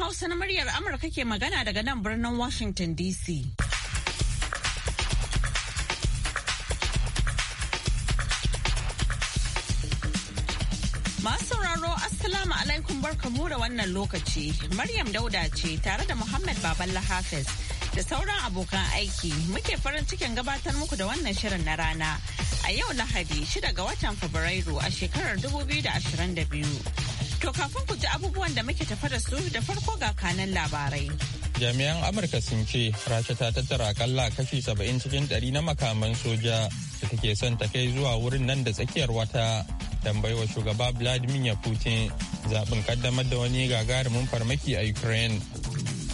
Hausa na muryar Amurka ke magana daga nan birnin Washington DC. Masu sauraro Assalamu alaikum barkamu da wannan lokaci. Maryam Dauda ce tare da Muhammad Baballa Hafiz da sauran abokan aiki muke farin cikin gabatar muku da wannan shirin na rana a yau Lahadi 6 ga watan Fabrairu a shekarar 2022. To kafin ku ji abubuwan da muke tafa da su da farko ga kanan labarai. Jami'an Amurka sun ce Rasha ta tattara akalla kashi saba'in cikin ɗari na makaman soja da take son ta kai zuwa wurin nan da tsakiyar wata wa shugaba Vladimir Putin zaɓin kaddamar da wani gagarumin farmaki a Ukraine.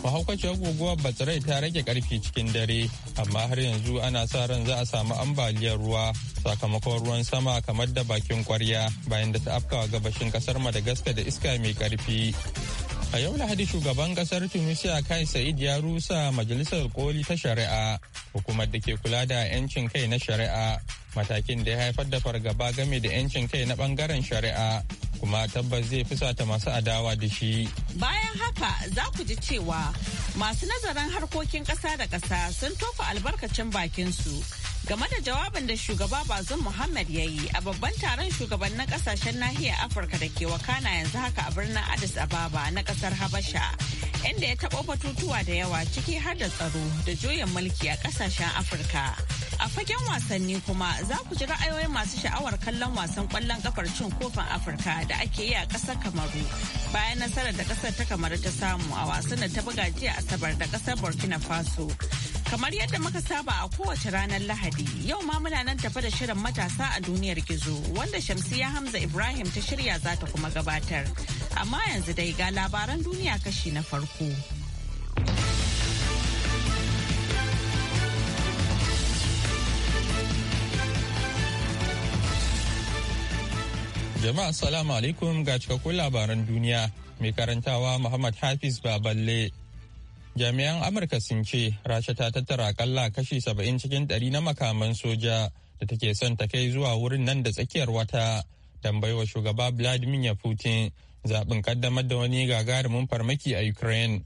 mahaukaciyar guguwar batsirai ta rage karfi cikin dare amma har yanzu ana sa ran za a samu ambaliyar ruwa sakamakon ruwan sama kamar da bakin kwarya bayan da ta afkawa gabashin kasar madagascar da iska mai karfi a yau lahadi shugaban kasar tunisia kai sa'id ya rusa majalisar koli ta shari'a hukumar da ke kula da 'yancin kai na shari'a matakin da ya haifar da fargaba game da 'yancin kai na bangaren shari'a kuma tabbas zai fusata masu adawa da shi. Bayan haka za ku ji cewa masu nazarin harkokin ƙasa da ƙasa sun tofa albarkacin bakinsu game da jawabin da shugaba Bazum Muhammad ya yi a babban taron shugabannin ƙasashen nahiyar Afirka da ke wakana yanzu haka a birnin Addis Ababa na ƙasar Habasha. inda ya taɓa batutuwa da yawa ciki har da tsaro da juyin mulki a ƙasashen Afirka. A fagen wasanni kuma za ku ji ra'ayoyin masu sha'awar kallon wasan ƙwallon ƙafar cin kofin Afirka da ake yi a ƙasar Kamaru bayan nasarar da ƙasar ta Kamaru ta samu a wasan da ta buga jiya Asabar da ƙasar Burkina Faso. Kamar yadda muka saba a kowace ranar Lahadi, yau ma muna nan tafa da shirin matasa a duniyar gizo wanda Shamsiya Hamza Ibrahim ta shirya za ta kuma gabatar. amma yanzu dai ga labaran duniya kashi na farko. Jama'a salamu alaikum ga cikakkun labaran duniya mai karantawa Muhammad Hafiz Baballe. Jami'an Amurka sun ce Rasha ta tattara kalla kashi saba'in cikin ɗari na makaman soja da take son ta kai zuwa wurin nan da tsakiyar wata. Tambayi shugaba Vladimir Putin zaɓin kaddamar da wani gagarumin farmaki a Ukraine.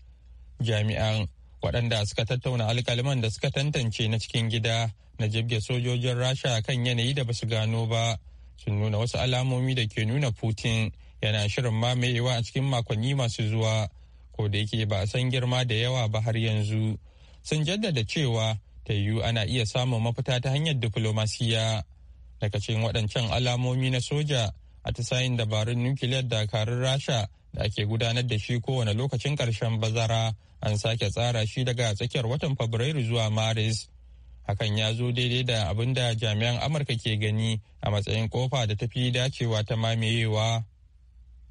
Jami'an waɗanda suka tattauna alkaliman da suka tantance na cikin gida na jibge sojojin Rasha kan yanayi da basu gano ba sun nuna wasu alamomi da ke nuna Putin yana shirin mamayewa a cikin makonni masu zuwa ko da yake ba a san girma da yawa ba har yanzu. Sun jaddada cewa ta yiwu ana iya samun mafita ta hanyar diflomasiya. Daga cikin waɗancan alamomi na soja atisayin dabarun nukiliyar dakarun rasha da ake gudanar da shi kowane lokacin karshen bazara an sake tsara shi daga tsakiyar watan fabrairu zuwa maris hakan ya zo daidai da abin da jami'an amurka ke gani a matsayin kofa da ta fi dacewa ta mamayewa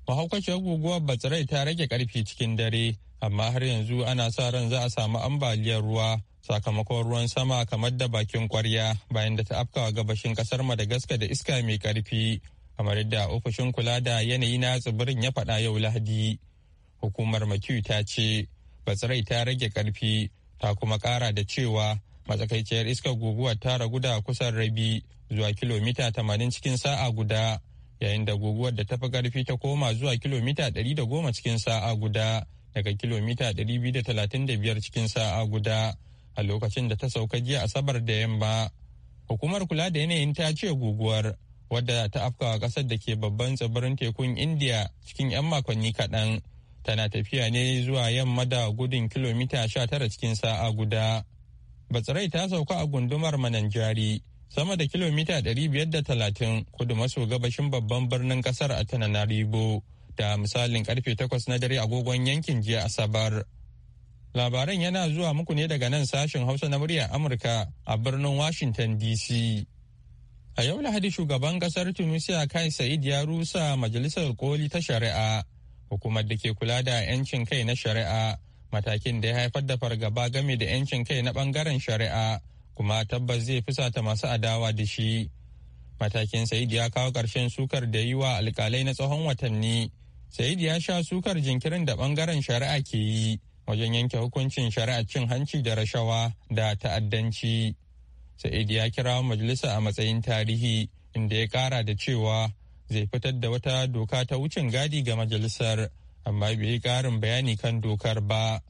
mahaukaciyar guguwar batsirai ta rage karfi cikin dare amma har yanzu ana sa ran za a samu ambaliyar ruwa sakamakon ruwan sama kamar da bakin kwarya bayan da ta afkawa gabashin kasar madagascar da iska mai karfi kamar yadda ofishin kula da yanayi na tsibirin ya faɗa yau lahadi hukumar makiyu ta ce batsirai ta rage karfi ta kuma ƙara da cewa matsakaiciyar iskar guguwar ta ragu da kusan rabi zuwa kilomita tamanin cikin sa'a guda yayin da guguwar da ta fi karfi ta koma zuwa kilomita ɗari da goma cikin sa'a guda daga kilomita ɗari biyu da da talatin biyar cikin sa'a guda a lokacin da ta sauka jiya asabar da yamma hukumar kula da yanayin ta ce guguwar wadda ta afkawa kasar da ke babban tsibirin tekun indiya cikin 'yan makonni kaɗan tana tafiya ne zuwa yamma da gudun kilomita sha tara cikin sa'a guda batsirai ta sauka a gundumar mananjari sama da kilomita biyar da talatin kudu maso gabashin babban birnin kasar a tananaribo da misalin karfe takwas na dare agogon yankin jiya asabar labaran yana zuwa muku ne daga nan sashen hausa na muryar amurka a birnin washington dc A yau Lahadi shugaban kasar Tunisia Kai Said ya rusa majalisar koli ta shari'a, hukumar da ke kula da 'yancin kai na shari'a, matakin da ya haifar da fargaba game da 'yancin kai na bangaren shari'a, kuma tabbas zai fusata masu adawa da shi. Matakin Said ya kawo ƙarshen sukar da yi wa alƙalai na tsawon watanni. Said ya sha sukar jinkirin da bangaren shari'a ke yi wajen yanke hukuncin shari'a cin hanci da rashawa da ta'addanci. Sa'id ya kira majalisa a matsayin tarihi inda ya kara da cewa zai fitar da wata doka ta wucin gadi ga majalisar amma bai karin bayani kan dokar ba.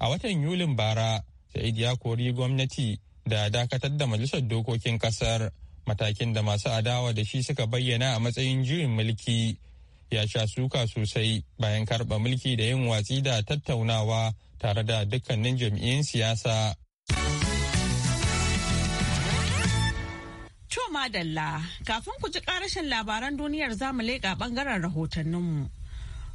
A watan Yulin bara, Sa'id ya kori gwamnati da dakatar da majalisar dokokin kasar matakin da masu adawa da shi suka bayyana a matsayin juyin mulki. ya sha suka sosai bayan karɓa mulki da yin watsi da tattaunawa tare da dukkanin jam'iyyun siyasa. To dalla kafin ku ji karashin labaran duniyar zamu leƙa ɓangaren rahotanninmu.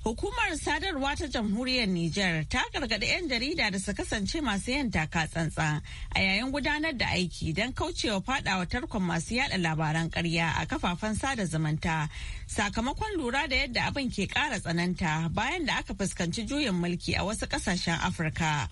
Hukumar sadarwa ta jamhuriyar Nijar ta gargaɗi 'yan jarida da su kasance masu yin taka tsantsa a yayin gudanar da aiki don kaucewa fadawa tarkon masu yada labaran ƙarya a kafafen sada zumunta sakamakon lura da yadda abin ke ƙara tsananta bayan da aka fuskanci juyin mulki a wasu ƙasashen Afirka.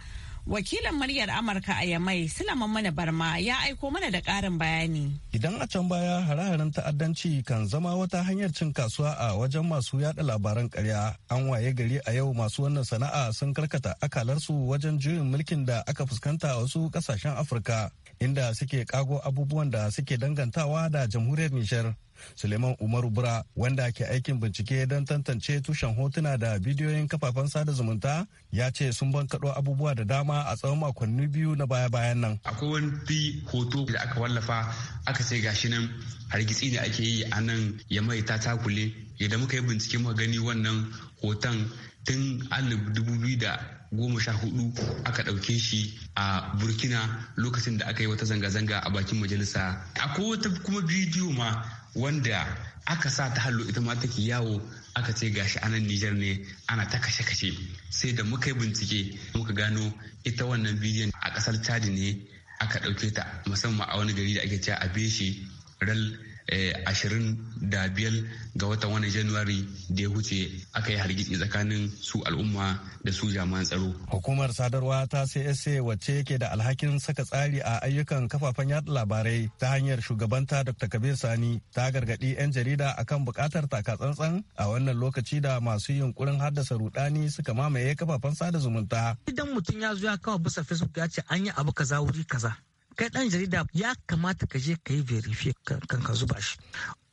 Wakilin muryar Amurka a Yamai Sulaiman Mana Barma ya aiko mana da ƙarin bayani. Idan a can baya hare-haren ta'addanci kan zama wata hanyar cin kasuwa a wajen masu yada labaran karya. an waye gari a yau masu wannan sana'a sun karkata akalarsu wajen juyin mulkin da aka fuskanta a wasu ƙasashen Afirka inda suke kago abubuwan da suke dangantawa da jamhuriyar Nijar. Suleiman Umaru Bura wanda ke aikin bincike don tantance tushen hotuna da bidiyoyin kafafen sada zumunta ya ce sun bankaɗo abubuwa da dama a tsawon makonni biyu na baya-bayan nan. Akwai wani hoto da aka wallafa aka ce gashi nan hargitsi ne ake yi a nan ya mai ta takule idan muka yi bincike muka gani wannan hoton tun alif dubu biyu da goma sha hudu aka ɗauke shi a burkina lokacin da aka yi wata zanga-zanga a bakin majalisa akwai wata kuma bidiyo ma wanda aka sa ta hallo ita ma take yawo aka ce gashi anan Nijar ne ana ta kashe-kashe sai da muka yi bincike muka gano ita wannan bidiyon a kasar Chad ne aka ɗauke ta musamman a wani gari da ake cewa a Beshi Ral Eh, ashirin da biyar ga watan wani january da ya wuce aka yi hargitsi tsakanin su al'umma da su jami'an tsaro. Hukumar sadarwa ta CSA wacce yake da alhakin saka tsari a ayyukan kafafen yada labarai ta hanyar shugabanta Dr. Kabir Sani ta gargaɗi 'yan jarida akan buƙatar tsantsan a wannan lokaci da masu yunkurin haddasa rudani suka mamaye kafafen sada zumunta. Idan mutum ya zo ya kawo bisa Facebook ya ce an yi abu kaza wuri kaza. kai dan jarida ya kamata ka je ka yi verifi kan ka zuba shi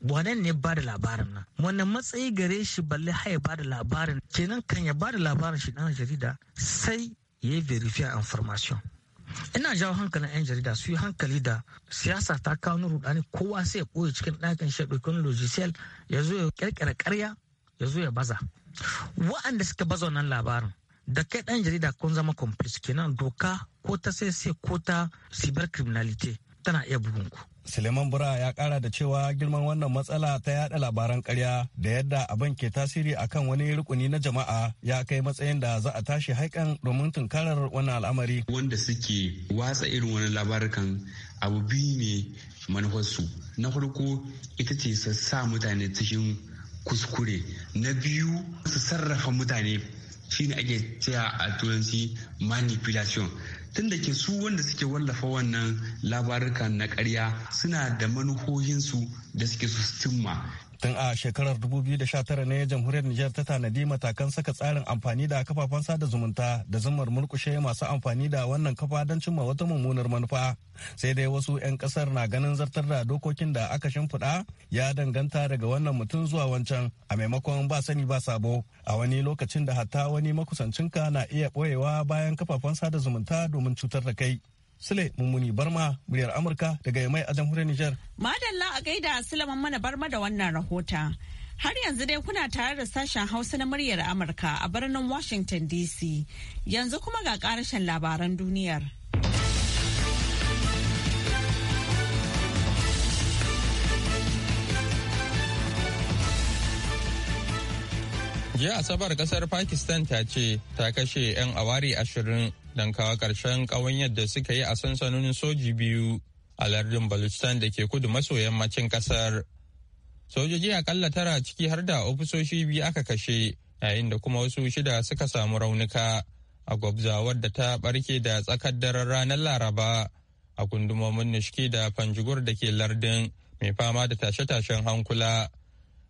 wannan ne ba da labarin nan wannan matsayi gare shi balle haya ba da labarin kenan kan ya ba da labarin shi dan jarida sai ya yi verifi information ina jawo hankalin 'yan jarida su yi hankali da siyasa ta kawo ni rudani kowa sai ya ɓoye cikin ɗakin shi ɗaukin logiciel ya zo ya ƙirƙira ƙarya ya zo ya baza wa'anda suka baza wannan labarin da kai ɗan jarida kun zama complice kenan doka ko ta sai sai ko ta cyber criminality tana iya bugun ku. Suleiman Bura ya kara da cewa girman wannan matsala ta yada labaran karya da yadda abin ke tasiri akan wani rukuni na jama'a ya kai matsayin da za a tashi haikan domin tunkarar wannan al'amari. Wanda suke watsa irin wani labarukan abu biyu ne manufarsu. Na farko ita ce sa mutane cikin kuskure. Na biyu su sarrafa mutane shine ake cewa a turanci manipulation tunda ke su wanda suke wallafa wannan labarukan na karya suna da manufohinsu da suke su cimma tun a shekarar 2019 ne jamhuriyar Nijar ta tanadi matakan saka tsarin amfani da kafafen sada zumunta da zumar murkushe masu amfani da wannan kafa don cimma wata mummunar manufa sai dai wasu 'yan kasar na ganin zartar da dokokin da aka shimfiɗa ya danganta daga wannan mutum zuwa wancan a maimakon ba sani ba sabo a wani lokacin da hatta wani makusancinka na iya ɓoyewa bayan kafafen sada zumunta domin cutar da kai Sule Mummuni Barma muryar Amurka daga Yamai a jamhuriyar Nijar. Madalla a gaida Sulaiman mana Barma da wannan rahota. Har yanzu dai kuna tare da sashen Hausa na muryar Amurka a birnin Washington DC. Yanzu kuma ga karashen labaran duniyar. Jiya Asabar kasar Pakistan ta ce ta kashe 'yan awari ashirin don kawo ƙarshen ƙawanyar da suka yi a sansanin soji biyu a lardin Baluchistan da ke kudu maso yammacin ƙasar. Sojoji akalla tara ciki har da ofisoshi biyu aka kashe yayin da kuma wasu shida suka samu raunuka a gwabzawar da ta barke da tsakar daren ranar Laraba a gundumomin nishki da fanjigur da ke lardin mai fama da tashe-tashen hankula.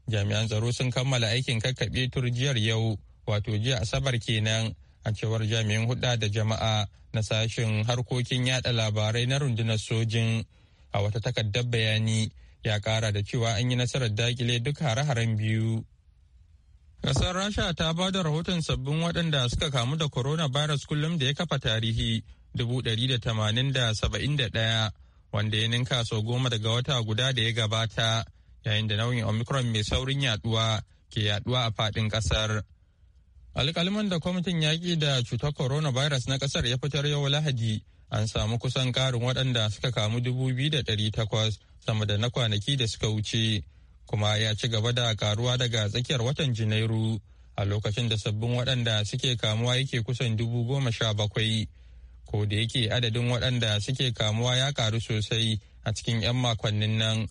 Jami'an tsaro sun kammala aikin kakkaɓe turjiyar yau wato jiya asabar kenan a cewar jami'in hudda da jama'a na sashen harkokin yada labarai na rundunar sojin a wata takardar bayani ya kara da cewa an yi nasarar dakile duk hare-haren biyu Ƙasar Rasha ta ba da rahoton sabbin waɗanda suka kamu da coronavirus kullum da ya kafa tarihi ɗaya wanda ya ninka sau goma daga wata guda da ya gabata yayin da nauyin Omicron mai saurin yaduwa ke yaduwa a faɗin ƙasar. alƙalman da kwamitin yaƙi da cutar coronavirus na ƙasar ya fitar yau lahadi an samu kusan ƙarin waɗanda suka kamu dubu biyu da ɗari takwas sama da na kwanaki da suka wuce kuma ya ci gaba da karuwa daga tsakiyar watan janairu a lokacin da sabbin waɗanda suke kamuwa yake kusan dubu goma sha bakwai ko da yake adadin waɗanda suke kamuwa ya karu sosai a cikin 'yan makonnin nan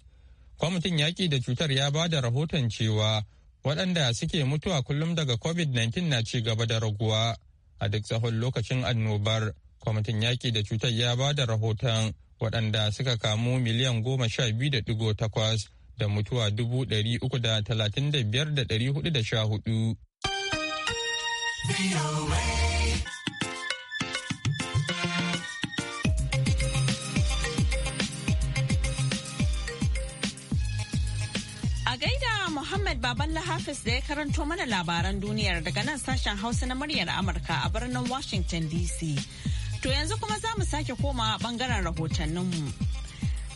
kwamitin yaƙi da cutar ya ba da rahoton cewa waɗanda suke mutuwa kullum daga covid-19 na ci gaba da raguwa a duk tsawon lokacin annobar kwamitin yaƙi da cutar ya ba da rahoton waɗanda suka kamu miliyan goma sha biyu da digo takwas da mutuwa dubu ɗari uku da talatin da biyar da ɗari hudu da sha hudu. Ahmed Baballa Hafiz da ya karanto mana labaran duniyar daga nan sashen Hausa na muryar Amurka a birnin Washington DC. To yanzu kuma za mu sake komawa bangaren rahotanninmu.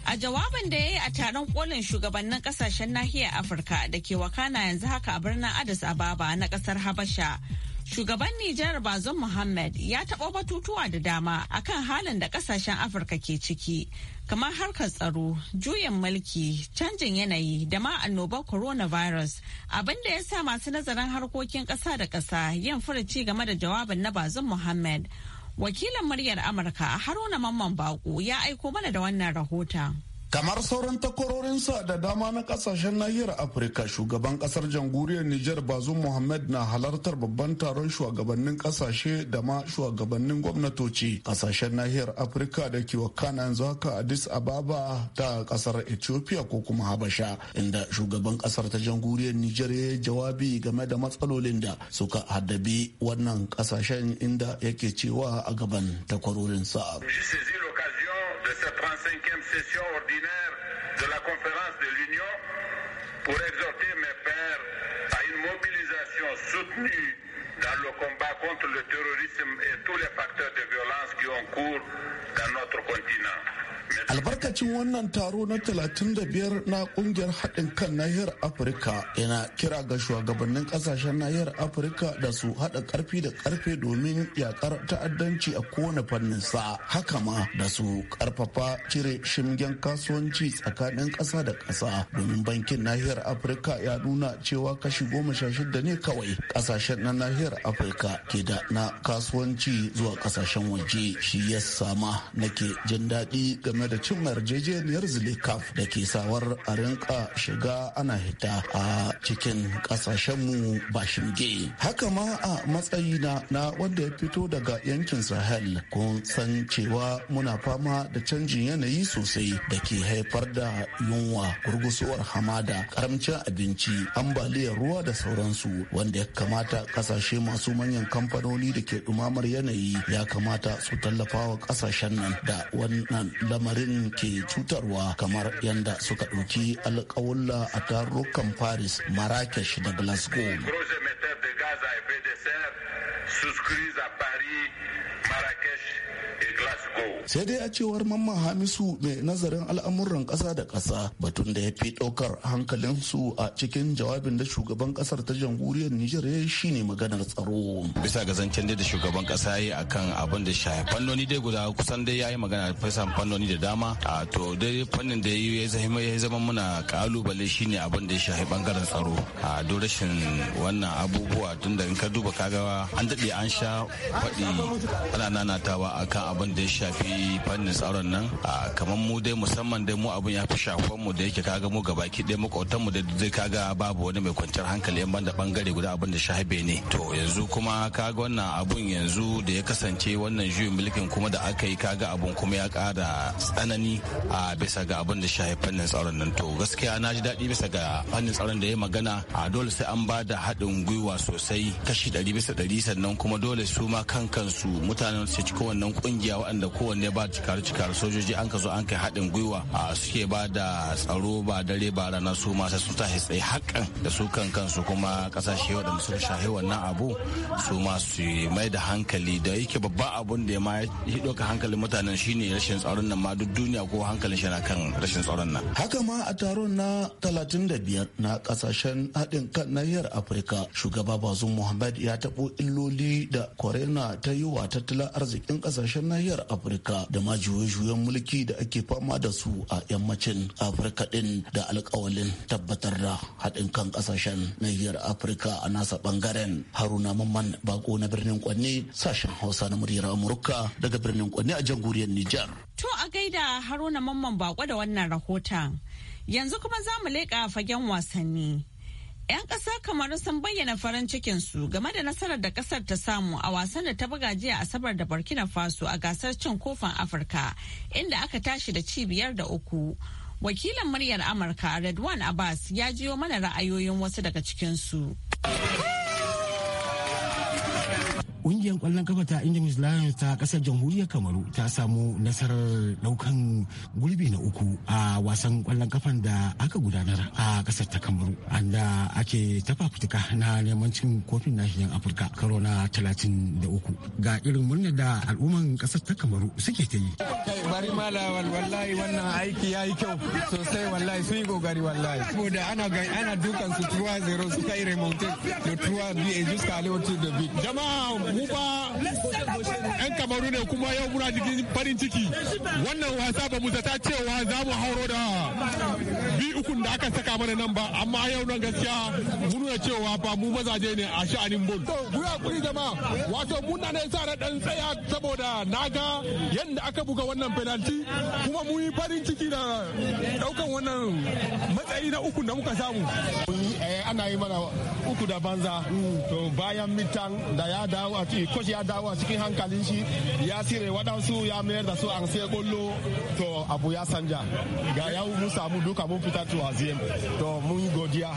A jawabin da ya yi a taron kolin shugabannin kasashen nahiyar Afirka da ke wakana yanzu haka a birnin Addis Ababa na kasar Habasha. Shugaban Nijar Bazon Muhammad ya taɓa batutuwa da dama akan halin da ƙasashen Afirka ke ciki, kamar harkar tsaro, juyin mulki, canjin yanayi da ma annobar coronavirus, abinda ya sa masu nazarin harkokin ƙasa da ƙasa yin furuci game da jawabin na Bazon Muhammad. Wakilin muryar Amurka Haruna Mamman Bako ya aiko mana da wannan rahoton. kamar sauran takwarorinsa da dama na kasashen nahiyar afirka shugaban kasar jamhuriyar niger bazum muhammad na halartar babban taron shugabannin kasashe da ma shugabannin gwamnatoci kasashen nahiyar afirka da ke wakana yanzu haka addis ababa ta kasar ethiopia ko kuma habasha inda shugaban kasar ta jamhuriyar niger ya yi jawabi game da matsalolin da suka haddabi wannan kasashen inda yake cewa a gaban takwarorinsa de cette 35e session ordinaire de la conférence de l'Union pour exhorter mes pères à une mobilisation soutenue dans le combat contre le terrorisme et tous les facteurs de violence qui ont cours dans notre continent. albarkacin wannan taro na 35 na kungiyar haɗin kan nahiyar afirka yana kira ga shugabannin ƙasashen nahiyar afirka da su haɗa ƙarfi da ƙarfe domin yakar ta'addanci a kowane fannin sa haka ma da su ƙarfafa cire shimgen kasuwanci tsakanin ƙasa da ƙasa domin bankin nahiyar afirka ya nuna cewa kashi goma sha shida ne kawai ƙasashen na nahiyar afirka ke da na kasuwanci zuwa ƙasashen waje shi ya sama nake jin daɗi game game da cimma yarjejeniyar zilikaf da ke sawar a rinka shiga ana hita a cikin kasashenmu ba shinge haka ma a matsayina na wanda ya fito daga yankin sahel kun san cewa muna fama da canjin yanayi sosai da ke haifar da yunwa gurgusuwar hamada karamcin abinci ambaliyar ruwa da sauransu wanda ya kamata kasashe masu manyan kamfanoni da ke dumamar yanayi ya kamata su tallafawa wa kasashen nan da wannan lamar lamarin ke cutarwa kamar yadda suka ɗauki alƙawulla a tarukan paris marrakesh da glasgow souscrits Paris, Sai dai a cewar Mamman Hamisu mai nazarin al'amuran ƙasa da ƙasa batun da ya fi ɗaukar hankalinsu a cikin jawabin da shugaban ƙasar ta jamhuriyar Nijar ya shi ne maganar tsaro. Bisa ga zancen da shugaban ƙasa ya kan abin da shafi fannoni dai guda kusan dai ya yi magana fesa fannoni da dama. A to dai fannin da ya zama muna kalubale shine abin da ya shafi bangaren tsaro. A do rashin wannan abubuwa tun da in ka duba kaga an daɗe an sha faɗi ana nanatawa akan abin da ya shafi fannin tsaron nan kamar mu dai musamman dai mu abin ya fi shafon mu da yake kaga mu ga baki dai makwautan mu da zai kaga babu wani mai kwanciyar hankali yan banda bangare guda abin da shahabe ne to yanzu kuma kaga wannan abun yanzu da ya kasance wannan juyin mulkin kuma da aka yi kaga abun kuma ya kara tsanani a bisa ga abin da shahabe fannin tsaron nan to gaskiya na ji daɗi bisa ga fannin tsaron da ya magana a dole sai an ba da haɗin gwiwa sosai kashi ɗari bisa ɗari sannan kuma dole su ma kan kansu mutanen su cikin wannan kungiya waɗanda kowanne ba cikar-cikar sojoji an ka zo an kai haɗin gwiwa a suke ba da tsaro ba dare ba rana su sai sun tashi tsaye hakan da su kan kansu kuma ƙasashe waɗanda suka shahe wannan abu su ma su mai da hankali da yake babban abun da ya ma ya ɗauka hankalin mutanen shine rashin tsaron nan ma duk duniya ko hankalin shi na kan rashin tsaron nan. Haka ma a taron na 35 na ƙasashen haɗin kan nahiyar Afirka shugaba Bazum Muhammad ya taɓo illoli da Korena ta yi wa tattalin arzikin ƙasashen nahiyar nahiyar afirka da ma juye-juyen mulki da ake fama da su a yammacin afirka din da alkawalin tabbatar da haɗin kan ƙasashen nahiyar afirka a nasa bangaren haruna mamman bako na birnin kwanne sashen hausa na muryar amurka daga birnin kwanne a jamhuriyar nijar to a gaida haruna mamman bako da wannan rahoton yanzu kuma za mu leƙa fagen wasanni 'Yan ƙasa kamar sun bayyana farin cikin su game da nasarar da ƙasar ta samu a wasan da ta buga jiya Asabar da Burkina Faso a gasar cin kofin Afirka, inda aka tashi da ci biyar da uku. Wakilin muryar Amurka Redwan Abbas ya jiyo mana ra'ayoyin wasu daga cikin cikinsu. Ƙungiyar ƙwallon kafa ta Indonesia Lions ta ƙasar jamhuriyar Kamaru ta samu nasarar ɗaukan gurbi na uku a wasan ƙwallon kafan da aka gudanar a ƙasar ta Kamaru. Anda ake tafafutuka na neman cin kofin nahiyar Afirka karo na talatin da uku ga irin murnar da al'umman ƙasar ta Kamaru suke ta yi. Bari mala wallahi wannan aiki ya yi kyau sosai wallahi sun yi gogari wallahi. Saboda ana ana dukan su zero 0 suka yi remonte da 3-2 jusqu'à l'autre de Jama'a mu ba 'yan kamaru ne kuma yau muna cikin farin ciki wannan wasa ba mu zata cewa za mu hauro da bi ukun da aka saka mana nan ba amma yau nan gaskiya mun nuna cewa ba mu mazaje ne a sha'anin bol. to buya kuri jama wato mun na ne sa na dan tsaya saboda naga ga yadda aka buga wannan penalty kuma mun yi farin ciki da daukan wannan matsayi na ukun da muka samu. Eh, ana yi mana uku da banza mm. to bayan mitan da ya dawo a a coach ya dawo a cikin hankalin shi ya sire waɗansu ya mayar da su an sai kollo to abu ya sanja ga ya mun samu duka mun fita to azim to mun godiya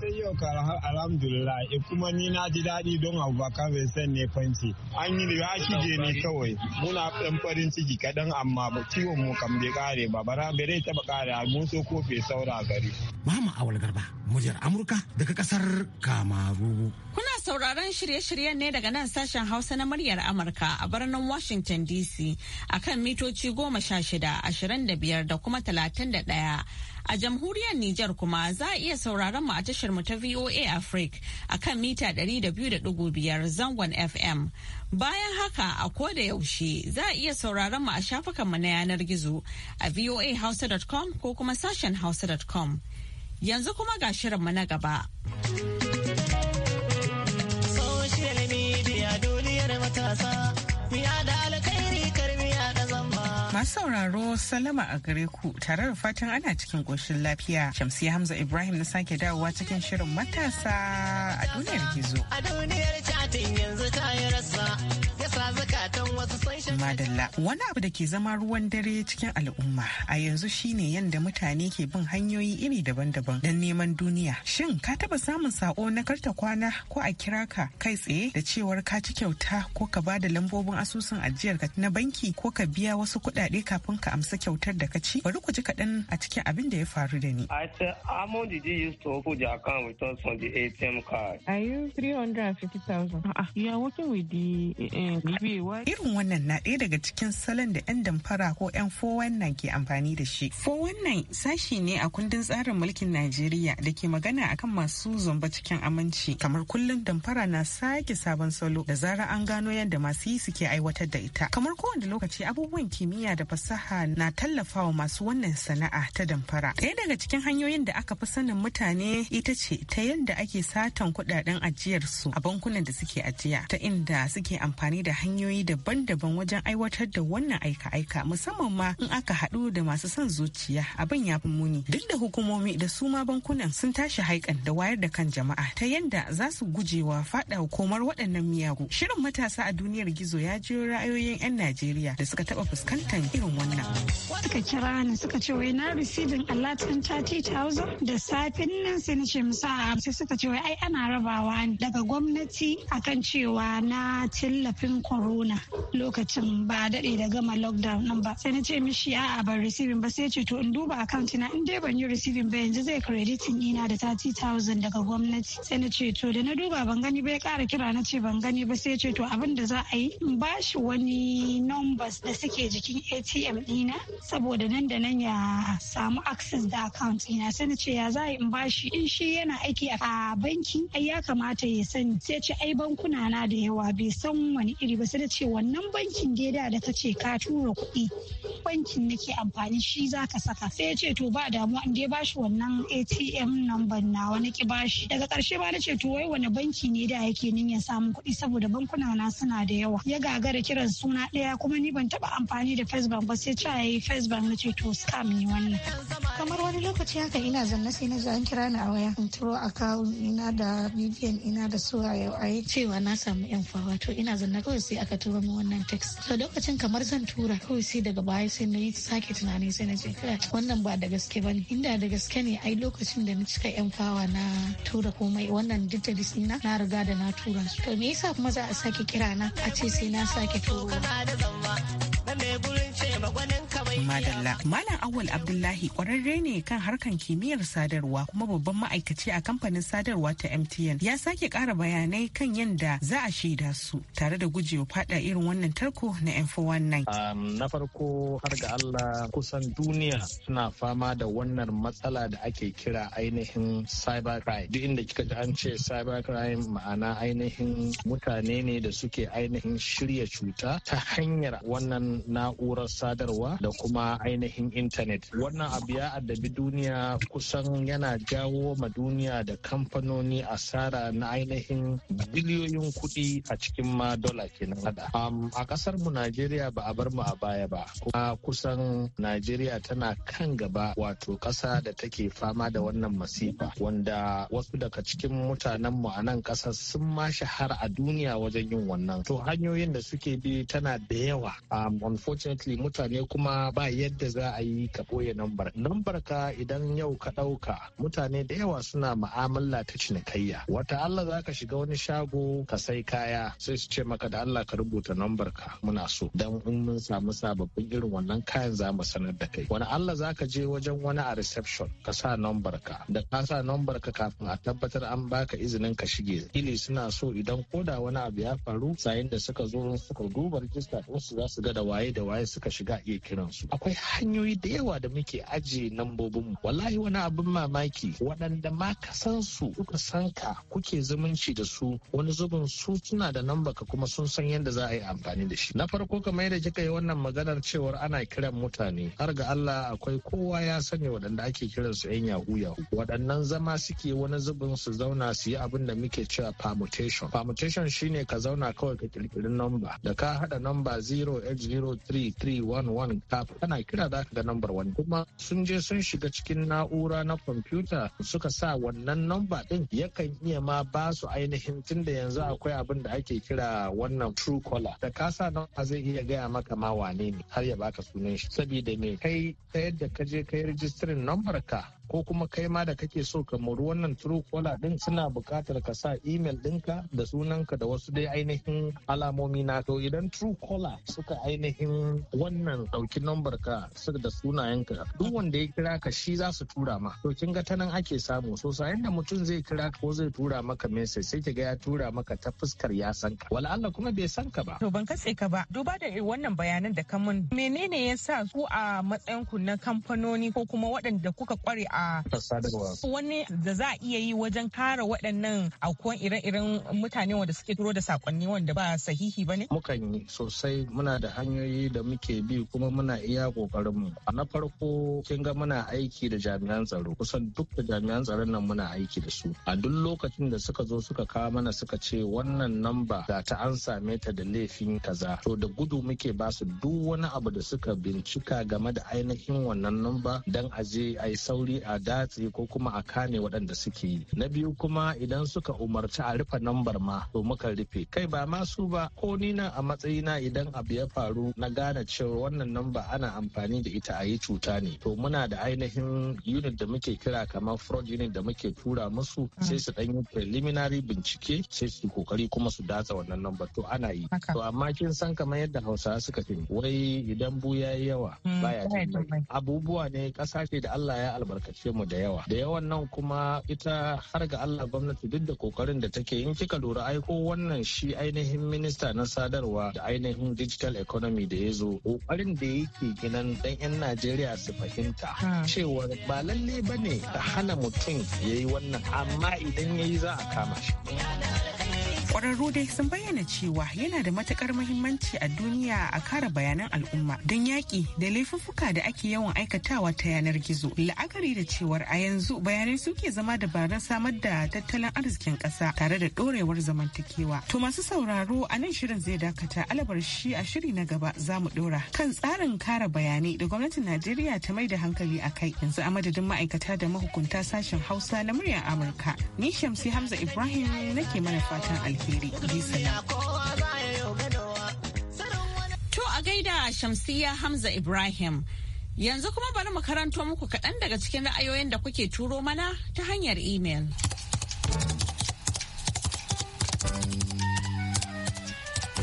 sai yau ka alhamdulillah eh, kuma ni na ji daɗi don abubakar vincent ne fanci an yi ya ne kawai muna ɗan farin ciki kaɗan amma ciwon mu kam bai kare ba bara bai taɓa kare mun so kofe saura gari. mama awal garba muryar amurka daga ƙasar kamaru. kuna sauraron shirye shirye-shiryen ne daga nan sashen Hausa na muryar Amurka a birnin Washington DC a kan mitoci goma sha shida, ashirin da biyar da kuma talatin da ɗaya. A jamhuriyar Nijar kuma za a iya sauraron mu a tashar mu ta VOA Africa a kan mita biyar zangon FM. Bayan haka a koda yaushe za a iya sauraron mu a shafukan mu na yanar gizo a voahausa.com ko kuma sashen hausa.com. Yanzu kuma ga shirin mu na gaba. Masu sauraro salama a gare ku tare da fatan ana cikin ƙoshin lafiya. Shamsi Hamza Ibrahim na sake dawowa cikin shirin matasa a duniyar gizo. A duniyar catin yanzu ta yi rasa. madalla. Wani abu da ke zama ruwan dare cikin al'umma a yanzu shine yadda mutane ke bin hanyoyi iri daban-daban don neman duniya. Shin ka taba samun sako na karta kwana ko a kira ka kai tsaye da cewar ka ci kyauta ko ka ba da lambobin asusun ajiyar ka na banki ko ka biya wasu kuɗaɗe kafin ka amsa kyautar da ka ci? Bari ku ji kaɗan a cikin abin da ya faru da ni. Irin wannan na ɗaya daga cikin salon da 'yan damfara ko 'yan fowannan ke amfani da shi. nan sashi ne a kundin tsarin mulkin Najeriya da ke magana akan masu zamba cikin aminci. Kamar kullum damfara na sake sabon salo da zara an gano yadda masu yi suke aiwatar da ita. Kamar kowane lokaci abubuwan kimiyya da fasaha na tallafa wa masu wannan sana'a ta damfara. Ɗaya daga cikin hanyoyin da aka fi sanin mutane ita ce ta yadda ake satan kuɗaɗen ajiyarsu a bankunan da suke ajiya ta inda suke amfani da hanyoyi daban-daban wajen aiwatar da wannan aika-aika musamman ma in aka haɗu da masu son zuciya abin ya fi muni duk da hukumomi da su ma bankunan sun tashi haikan da wayar da kan jama'a ta yanda za su gujewa faɗa komar waɗannan miyagu shirin matasa a duniyar gizo ya ji ra'ayoyin 'yan najeriya da suka taɓa fuskantar irin wannan suka kira ni suka ce wai na receiving alert thirty thousand da safin nan sai na ce musa sai suka ce wai ai ana rabawa ni daga gwamnati akan cewa na tallafin corona lokacin receiving ba a daɗe da gama lockdown nan ba sai na ce mishi a'a ban receiving ba sai ce to in duba account na in dai ban yi receiving ba yanzu zai crediting ina da 30000 daga gwamnati sai na ce to da na duba ban gani ba ya kara kira na ce ban gani ba sai ce to abin da za a yi in ba shi wani numbers da suke jikin ATM ɗina saboda nan da nan ya samu access da account ina sai na ce ya za in ba shi in shi yana aiki a banki ai ya kamata ya sani sai ce ai bankuna na da yawa bai san wani iri ba sai na ce wannan bankin dai da da ka ce ka tura kuɗi bankin nake amfani shi za ka saka sai ya ce to ba damuwa in dai bashi wannan atm number nawa nake bashi daga karshe ba na ce to wai wani banki ne da yake niyyar samu kuɗi saboda bankuna na suna da yawa ya gagara kiran suna ɗaya kuma ni ban taɓa amfani da first bank ba sai ce yayi first bank na ce to scam ne wannan kamar wani lokaci haka ina zanna sai na an kira ni a waya in turo account ina da bbn ina da su a yau a cewa na samu yan fawa to ina zanna kawai sai aka turo mu wannan text so lokacin kamar zan tura kawai sai daga baya sai na yi sake tunani sai na ce wannan ba da gaske ba ne inda da gaske ne ai lokacin da na cika yan fawa na tura komai wannan da na na riga da na tura su to me yasa kuma za a sake kira na a ce sai na sake tura Madalla. Malam Awal Abdullahi kwararre ne kan harkan kimiyyar sadarwa kuma babban ma'aikaci a kamfanin sadarwa ta MTN ya sake kara bayanai kan yadda za a shaida su tare da gujewa fada irin wannan tarko na yan Na farko har ga Allah kusan duniya suna fama da wannan matsala da ake kira ainihin crime. Duk inda kika ji an ce crime ma'ana ainihin mutane ne da suke ainihin shirya cuta ta hanyar wannan na'urar sadarwa da kuma ainihin intanet. Wannan abu ya addabi duniya kusan yana jawo ma duniya da kamfanoni asara na ainihin biliyoyin kuɗi a cikin ma dola kenan hada. a kasar mu Najeriya ba a bar mu a baya ba kuma kusan Najeriya tana kan gaba wato ƙasa da take fama da wannan masifa wanda wasu daga cikin mutanen mu a nan ƙasar sun ma shahara a duniya wajen yin wannan to hanyoyin da suke bi tana da yawa um, unfortunately mutane kuma ba yadda za a yi ka ɓoye nambar nambar ka idan yau ka ɗauka mutane da yawa suna ma'amala ta cinikayya wata Allah za ka shiga wani shago ka sai kaya sai su ce maka da Allah ka rubuta nambar ka muna so dan in mun samu sababbin irin wannan kayan za mu sanar da kai wani Allah za ka je wajen wani a reception ka sa nambar ka da ka sa nambar ka kafin a tabbatar an baka izinin ka shige ili suna so idan koda wani abu ya faru sayin da suka zo suka duba rijista wasu za su ga da waye da waye suka shiga iya kiran su akwai hanyoyi da yawa da muke ajiye nambobin mu wallahi wani abin mamaki waɗanda ma ka san su kuka san ka kuke zumunci da su wani zubin su suna da namba ka kuma sun san yadda za a yi amfani da shi na farko kamar yadda kika yi wannan maganar cewar ana kiran mutane har ga Allah akwai kowa ya sani waɗanda ake kiran su yan yahu yahu waɗannan zama suke wani zubin su zauna su yi abin da muke cewa permutation permutation shine ka zauna kawai ka kirkiri namba da ka hada namba 0803311 ka kana kira da ga number wani kuma sun je sun shiga cikin na'ura na kwamfuta suka sa wannan namba din yakan iya ma ba su ainihin tunda yanzu akwai abin da ake kira wannan true caller da ka sa zai iya gaya maka ma wane ne har ya baka sunan shi saboda me kai ta yadda ka je kai rijistirin nambar ka ko kuma kai ma da kake so ka mori wannan true din suna buƙatar ka sa email ɗinka da sunanka da wasu dai ainihin alamomi na to idan true suka ainihin wannan ɗauki nambar ka da sunayenka duk wanda ya kira ka shi za su tura ma to kin ta nan ake samu so sayan da mutum zai kira ko zai tura maka message sai ka ga ya tura maka ta fuskar ya san ka wala Allah kuma bai san ka ba to ban katse ka ba duba da wannan bayanan da kamun menene yasa ku a matsayin ku na kamfanoni ko kuma waɗanda kuka kware a a wani da za a iya yi wajen kare waɗannan akwai ire-iren mutane wanda suke turo da saƙonni wanda ba sahihi ba ne? Mukan yi sosai muna da hanyoyi da muke bi kuma muna iya ƙoƙarin mu. a Na farko kin ga muna aiki da jami'an tsaro kusan duk da jami'an tsaron nan muna aiki da su. A duk lokacin da suka zo suka kawo mana suka ce wannan namba ga ta an same ta da laifin kaza. To da gudu muke ba su duk wani abu da suka bincika game da ainihin wannan namba dan a je a yi sauri a datse ko kuma a kane waɗanda suke yi na biyu kuma idan suka umarci a rufe nambar ma to muka rufe kai ba ma su ba ko ni na a matsayina idan abu ya faru na gane cewa wannan namba ana amfani da ita a yi cuta ne to muna da ainihin unit da muke kira kamar fraud unit da muke tura musu sai su ɗan yi preliminary bincike sai su kokari kuma su datsa wannan namba to ana yi to amma kin san kamar yadda hausawa suka fi wai idan buya yawa mm, baya abubuwa ne ƙasa ce da Allah ya albarkaci ce mu da yawa da yawan nan kuma ita har ga Allah gwamnati duk da kokarin da take in kika lura ai ko wannan shi ainihin minista na sadarwa da ainihin digital economy da ya zo kokarin da yake ginan dan yan Najeriya su fahimta cewa ba lalle bane ta hana mutum yayi wannan amma idan yayi za a kama shi Ƙwararru dai sun bayyana cewa yana da matukar muhimmanci a duniya a kara bayanan al'umma don yaƙi da laifuffuka da ake yawan aikatawa ta yanar gizo. La'akari da cewar a yanzu bayanai suke zama dabarun samar da tattalin arzikin ƙasa tare da ɗorewar zamantakewa. To masu sauraro a nan shirin zai dakata alabar a shiri na gaba za mu ɗora kan tsarin kara bayanai da gwamnatin Najeriya ta mai da hankali a kai yanzu a madadin ma'aikata da mahukunta sashen Hausa na muryar Amurka. Ni Shamsi Hamza Ibrahim nake mana fatan alheri. To a gaida Shamsiya Hamza Ibrahim. Yanzu kuma bari mu karanto muku kaɗan daga cikin ra'ayoyin da kuke turo mana ta hanyar imel.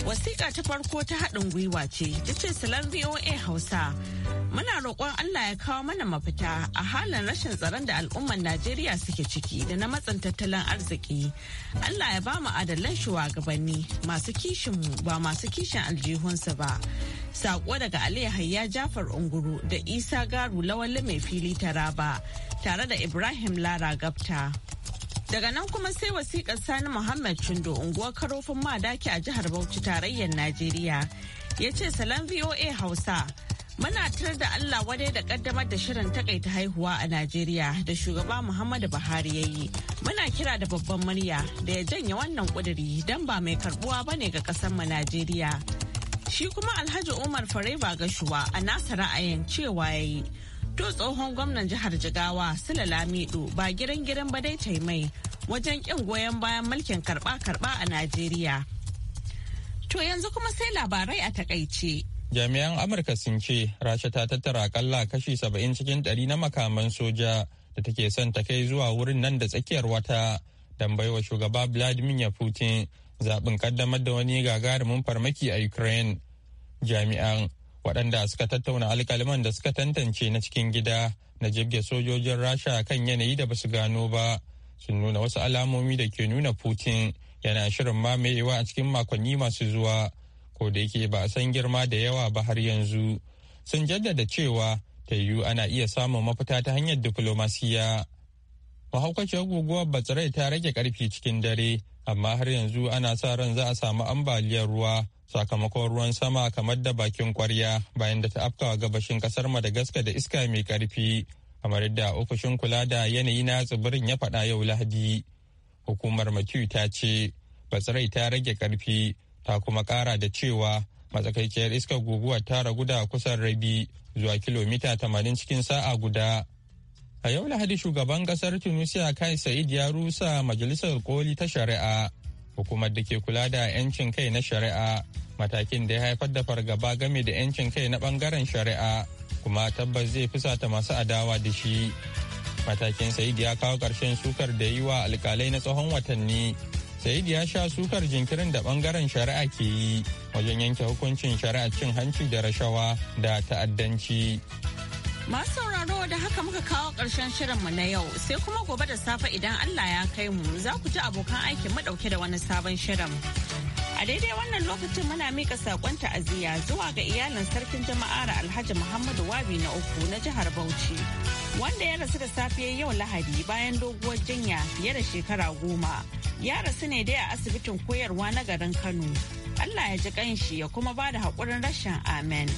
Wasiƙa ta farko ta haɗin gwiwa ce, ta ce salon VOA Hausa. Muna roƙon Allah ya kawo mana mafita a halin rashin tsaron da al'ummar Najeriya suke ciki da na matsin tattalin arziki. Allah ya ba mu adalan shugabanni masu kishin mu ba masu kishin aljihunsu ba. Saƙo daga Ali Hayya Jafar Unguru da Isa Garu Lawalle mai fili Taraba tare da Ibrahim Lara Gabta. Daga nan kuma sai wasiƙar Sani Muhammad Chindo unguwar karofin madaki a jihar Bauchi tarayyar Najeriya. Ya ce salon VOA Hausa. Muna tar da Allah wadai da kaddamar da shirin takaita haihuwa a Najeriya da shugaba Muhammadu Buhari ya yi. Muna kira da babban murya da ya janye wannan kuduri don ba mai karbuwa ba ne ga kasar mu Najeriya. Shi kuma Alhaji Umar Fareba Gashuwa a nasa ra'ayin cewa ya yi. to tsohon gwamnan jihar jigawa sula lamido ba gidan gidan ba dai mai wajen kin goyon bayan mulkin karba-karba a najeriya to yanzu kuma sai labarai a takaice jami'an amurka sun ce rasha ta tattara akalla kashi 70 cikin 100 na makaman soja da take son ta kai zuwa wurin nan da tsakiyar wata don shugaba vladimir putin zaɓin kaddamar da wani gagarumin farmaki a ukraine jami'an waɗanda suka tattauna alkaliman da suka tantance na cikin gida na jirgin sojojin rasha kan yanayi da basu gano ba sun nuna wasu alamomi da ke nuna putin yana shirin mamayewa a cikin makonni masu zuwa ko da yake ba a san girma da yawa ba har yanzu sun jaddada cewa ta yiwu ana iya samun mafita ta hanyar diflomasiya mahaukaciyar guguwar batsirai ta rage karfi cikin dare amma har yanzu ana sa ran za a samu ambaliyar ruwa sakamakon ruwan sama kamar da bakin kwarya bayan da ta afkawa gabashin kasar madagascar da iska mai karfi kamar yadda ofishin kula da yanayi na tsibirin ya faɗa yau lahadi hukumar matthew ta ce batsirai ta rage karfi ta kuma ƙara da cewa matsakaiciyar iska guguwa ta ragu da kusan rabi zuwa kilomita tamanin cikin sa'a guda a yau lahadi shugaban kasar tunisia kai sa'id ya rusa majalisar koli ta shari'a hukumar da ke kula da 'yancin kai na shari'a matakin da ya haifar da fargaba game da 'yancin kai na bangaren shari'a kuma tabbas zai fusata masu adawa da shi matakin sa'id ya kawo karshen sukar da yi wa alkalai na tsawon watanni sa'id ya sha sukar jinkirin da bangaren shari'a ke yi wajen yanke hukuncin shari'a cin hanci da rashawa da ta'addanci Masu sauraro da haka muka kawo ƙarshen mu na yau sai kuma gobe da safe idan Allah ya kai mu za ku ji abokan aikin mu ɗauke da wani sabon shirin. A daidai wannan lokacin muna mika saƙon ta'aziyya zuwa ga iyalin sarkin jama'ar Alhaji Muhammadu Wabi na uku na jihar Bauchi. Wanda ya rasu da safiyar yau Lahadi bayan doguwar jinya fiye da shekara goma. Ya rasu ne dai a asibitin koyarwa na garin Kano. Allah ya ji kanshi ya kuma ba da haƙurin rashin amen.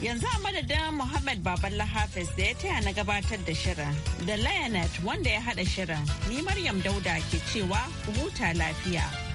Yanzu a madadin Muhammad Baballa Lahafis da ya taya na gabatar da shirin da Lionel wanda ya haɗa shirin, ni Maryam Dauda ke cewa huta lafiya.